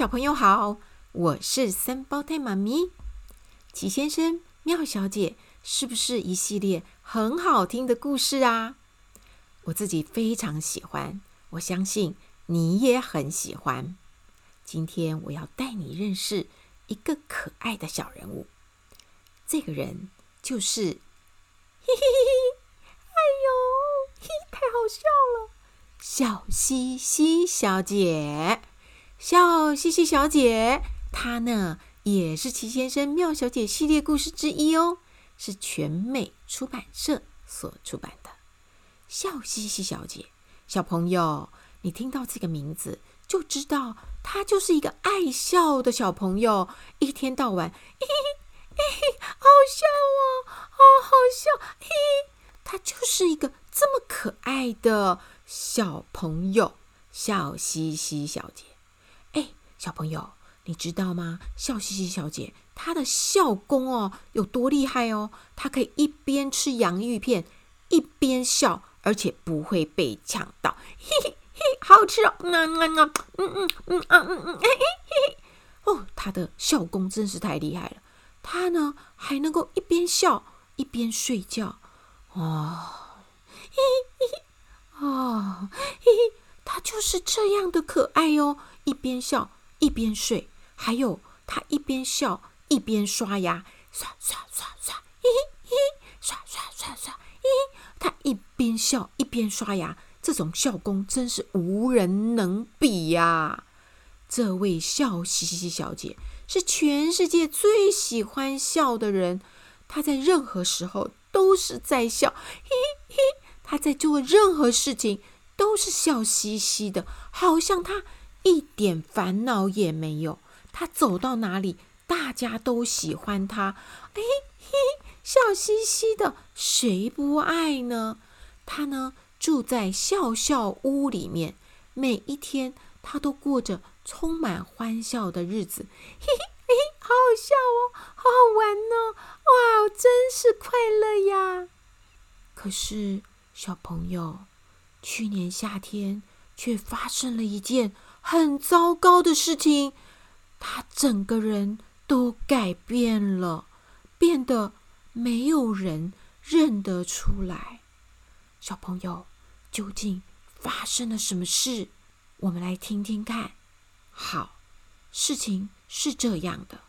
小朋友好，我是三胞胎媽咪，齊先生、妙小姐，是不是一系列很好聽的故事啊？我自己非常喜歡，我相信你也很喜歡。今天我要帶你認識一個可愛的小人物，這個人就是嘿嘿嘿， 哎喲嘿，太好笑了，笑嘻嘻小姐。笑嘻嘻小姐，她呢也是奇先生妙小姐系列故事之一哦，是全美出版社所出版的《笑嘻嘻小姐》。小朋友，你聽到這個名字就知道，她就是一個愛笑的小朋友，一天到晚嘿嘿嘿嘿，好笑哦，啊，好笑，嘿嘿，她就是一個這麼可愛的小朋友，笑嘻嘻小姐。小朋友，你知道嗎？笑嘻嘻小姐她的笑功哦有多厲害哦？她可以一邊吃洋芋片，一邊笑，而且不會被嗆到。嘿嘿嘿，好好吃哦！啊嗯啊！嗯嗯嗯啊嗯嗯哎哎嘿！哦，她的笑功真是太厲害了。她呢還能夠一邊笑一邊睡覺哦。嘿嘿嘿，哦嘿嘿，她就是這樣的可愛哦，一邊笑。一邊睡，還有他一邊笑一邊刷牙，刷刷刷刷，嘿嘿嘿，刷刷刷刷，嘿。他一邊笑一邊刷牙，這種笑功真是無人能比呀！這位笑嘻嘻小姐是全世界最喜歡笑的人，她在任何時候都是在笑，咦嘿嘿。她在做任何事情都是笑嘻嘻的，好像她。一點煩惱也沒有，他走到哪裡，大家都喜歡他，嘿嘿，笑嘻嘻的，誰不愛呢？他呢，住在笑笑屋裡面，每一天他都過着充滿歡笑的日子，嘿嘿嘿，好好笑哦，好好玩哦，哇，真是快樂呀！可是小朋友，去年夏天卻發生了一件。很糟糕的事情，他整個人都改變了，變得沒有人認得出來。小朋友，究竟發生了什麼事？我們來聽聽看。好，事情是這樣的：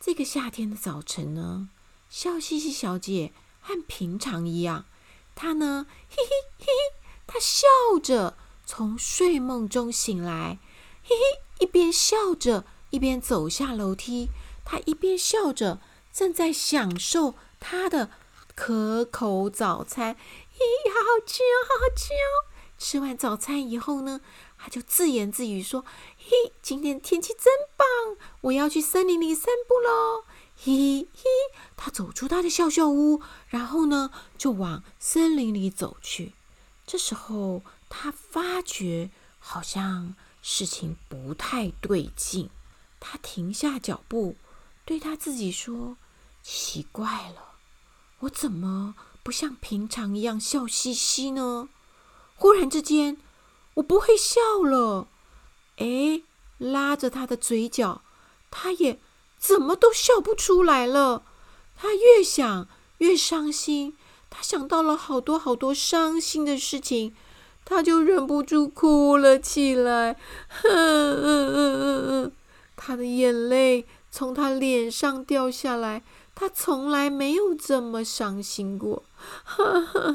這個夏天的早晨呢，笑嘻嘻小姐和平常一樣，她呢，嘿嘿嘿嘿，她笑着。從睡夢中醒來，嘿嘿，一邊笑着一邊走下樓梯。他一邊笑着，正在享受他的可口早餐，嘿嘿，好好吃哦，好好吃哦。吃完早餐以後呢，他就自言自語說：“嘿，今天天氣真棒，我要去森林裡散步嘍。”嘿嘿，嘿，他走出他的笑笑屋，然後呢，就往森林裡走去。這時候。他發覺好像事情不太對勁，她停下腳步，對她自己說：“奇怪了，我怎麼不像平常一樣笑嘻嘻呢？”忽然之間，我不會笑了。誒，拉着他的嘴角，她也怎麼都笑不出來了。她越想越傷心，她想到了好多好多傷心的事情。他就忍不住哭了起來，呵呵呵呵，他的眼淚從他臉上掉下來。他從來沒有這麼傷心過，哈哈哈，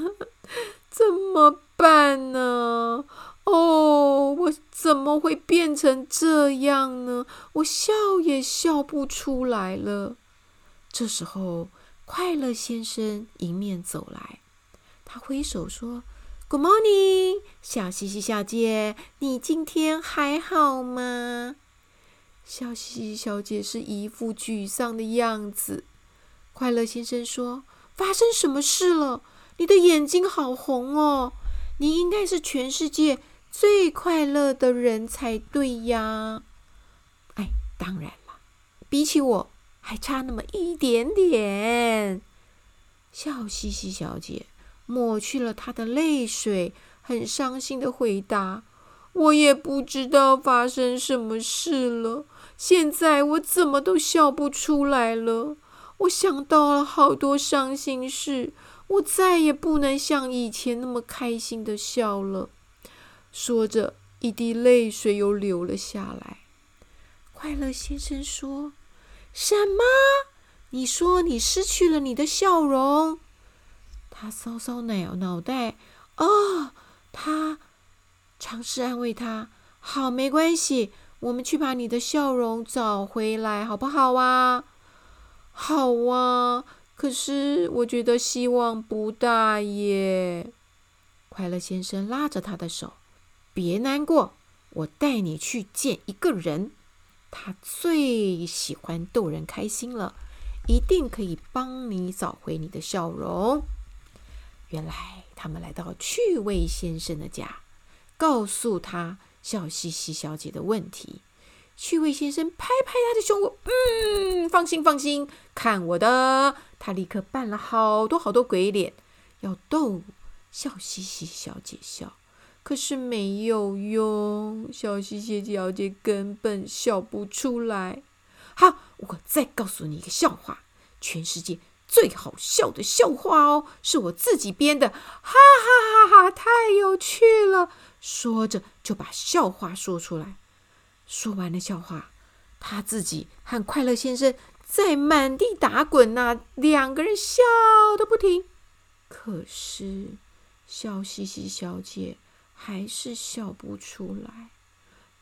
怎麼辦呢？哦，我怎麼會變成這樣呢？我笑也笑不出來了。這時候，快樂先生迎面走來，他揮手說。Good morning，笑嘻嘻小姐，你今天還好嗎？笑嘻嘻小姐是一副沮喪的樣子。快樂先生說：“發生什麼事了？你的眼睛好紅哦！你應該是全世界最快樂的人才對呀！”哎，當然了，比起我還差那麼一點點。笑嘻嘻小姐。抹去了他的淚水，很傷心地回答：“我也不知道發生什麼事了。現在我怎麼都笑不出來了。我想到了好多傷心事，我再也不能像以前那麼開心地笑了。”說着，一滴淚水又流了下來。快樂先生說：“什麼？你說你失去了你的笑容？”他搔搔腦腦袋，哦，他嘗試安慰他：“好，沒關係，我們去把你的笑容找回來，好不好啊？”“好啊。”“可是我覺得希望不大耶。”快樂先生拉着他的手：“別難過，我帶你去見一個人，他最喜歡逗人開心了，一定可以幫你找回你的笑容。”原來他們來到趣味先生的家，告訴他笑嘻嘻小姐的問題。趣味先生拍拍他的胸脯，嗯，放心放心，看我的！他立刻扮了好多好多鬼臉，要逗笑嘻嘻小姐笑，可是沒有用，笑嘻嘻小姐根本笑不出來。好，我再告訴你一個笑話，全世界最好笑的笑話哦，是我自己編的，哈哈哈哈，太有趣了！說着就把笑話說出來。說完了笑話，他自己和快樂先生在滿地打滾吶、啊，兩個人笑得不停。可是笑嘻嘻小姐還是笑不出來。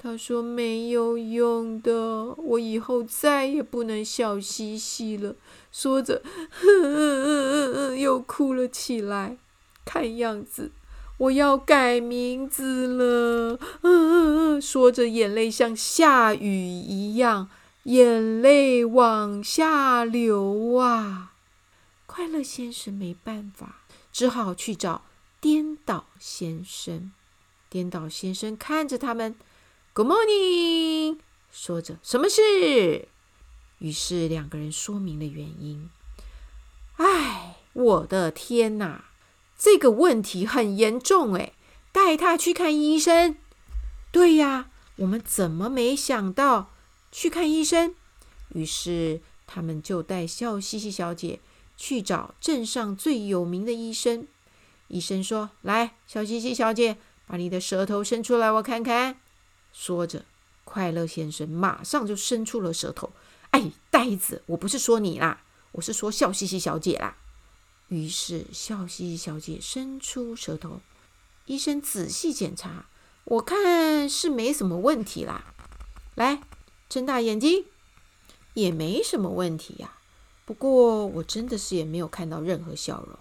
他說：“沒有用的，我以後再也不能笑嘻嘻了。”說着呵呵呵，又哭了起來。看樣子，我要改名字了。呵呵呵，說着眼淚像下雨一樣，眼淚往下流啊！快樂先生沒辦法，只好去找顛倒先生。顛倒先生看着他們。Good morning，說着什麼事？於是兩個人說明了原因。哎，我的天哪，這個問題很嚴重哎！帶他去看醫生。對呀，我們怎麼沒想到去看醫生？於是他們就帶笑嘻嘻小姐去找鎮上最有名的醫生。醫生說：“來，笑嘻嘻小姐，把你的舌頭伸出來，我看看。”說着，快樂先生馬上就伸出了舌頭。哎，呆子，我不是說你啦，我是說笑嘻嘻小姐啦。於是笑嘻嘻小姐伸出舌頭。醫生仔細檢查，我看是沒什麼問題啦。來，睜大眼睛，也沒什麼問題呀。不過我真的是也沒有看到任何笑容。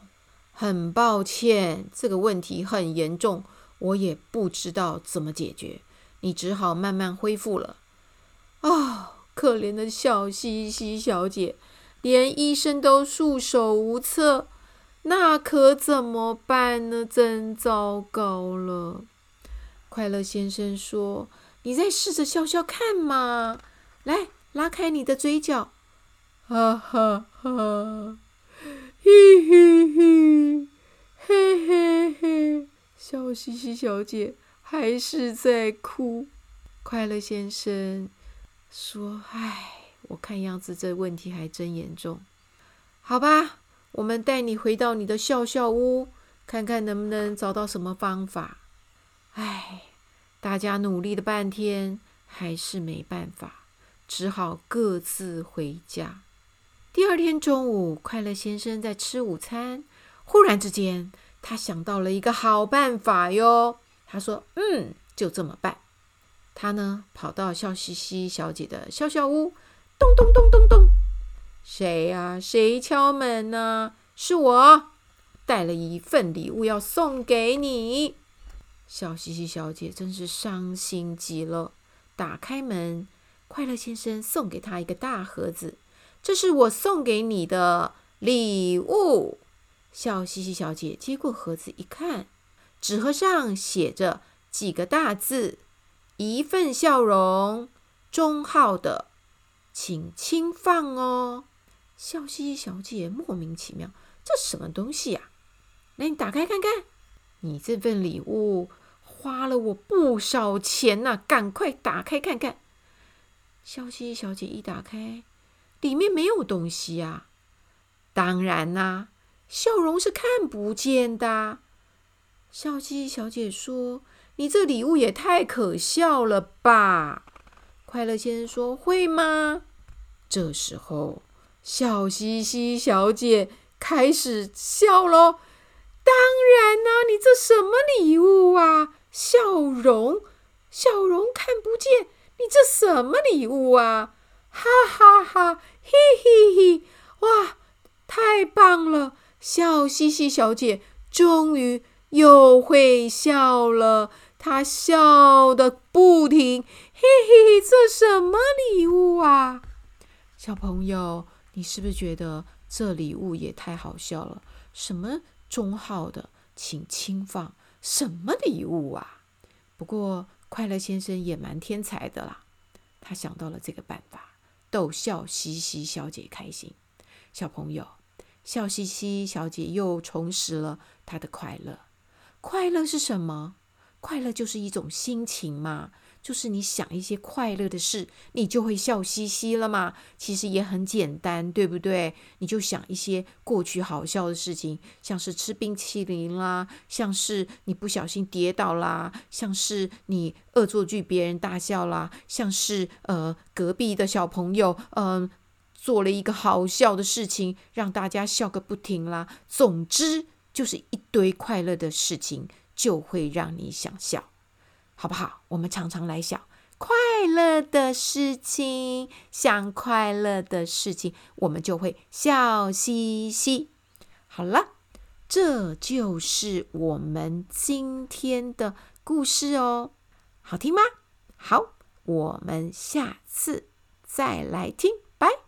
很抱歉，這個問題很嚴重，我也不知道怎麼解決。你只好慢慢恢復了，哦，可憐的笑嘻嘻小姐，連醫生都束手無策，那可怎麼辦呢？真糟糕了！快樂先生說：“你再試着笑笑看嘛，來，拉開你的嘴角，哈哈哈哈，嘿嘿嘿，嘿嘿嘿，笑嘻嘻小姐。”還是在哭。快樂先生說：“唉，我看樣子這問題還真嚴重。好吧，我們帶你回到你的笑笑屋，看看能不能找到什麼方法。”唉，大家努力了半天，還是沒辦法，只好各自回家。第二天中午，快樂先生在吃午餐，忽然之間，他想到了一個好辦法喲。他說：“嗯，就這麼辦。”他呢，跑到笑嘻嘻小姐的笑笑屋，咚咚咚咚咚咚，誰呀、啊？誰敲門呢、啊？是我，帶了一份禮物要送給你。笑嘻嘻小姐真是傷心極了，打開門，快樂先生送給她一個大盒子，這是我送給你的禮物。笑嘻嘻小姐接過盒子一看。紙盒上寫着幾個大字：“一份笑容，中號的，請輕放哦。”笑嘻嘻小姐莫名其妙：“這什麼東西啊？”“那你打開看看。”“你這份禮物花了我不少錢吶，趕快打開看看。”笑嘻嘻小姐一打開，裡面沒有東西啊！當然啦，笑容是看不見的。笑嘻嘻小姐說：“你這禮物也太可笑了吧！”快樂先生說：“會嗎？”這時候，笑嘻嘻小姐開始笑咯。當然啦、啊，你這什麼禮物啊？笑容，笑容看不見，你這什麼禮物啊？”哈哈哈，哈，嘿嘿嘿，哇，太棒了！笑嘻嘻小姐終於。又會笑了，她笑得不停，嘿嘿，這什麼禮物啊？小朋友，你是不是覺得這禮物也太好笑了？什麼中號的，請輕放。什麼禮物啊？不過快樂先生也蠻天才的啦，他想到了這個辦法，逗笑嘻嘻小姐開心。小朋友，笑嘻嘻小姐又重拾了她的快樂。快樂是什麼？快樂就是一種心情嘛，就是你想一些快樂的事，你就會笑嘻嘻了嘛。其實也很簡單，對不對？你就想一些過去好笑的事情，像是吃冰淇淋啦，像是你不小心跌倒啦，像是你惡作劇別人大笑啦，像是呃隔壁的小朋友嗯，呃，做了一個好笑的事情，讓大家笑個不停啦。總之。就是一堆快樂的事情，就會讓你想笑，好不好？我們常常來想快樂的事情，想快樂的事情，我們就會笑嘻嘻。好了，這就是我們今天的故事哦，好聽嗎？好，我們下次再來聽，拜。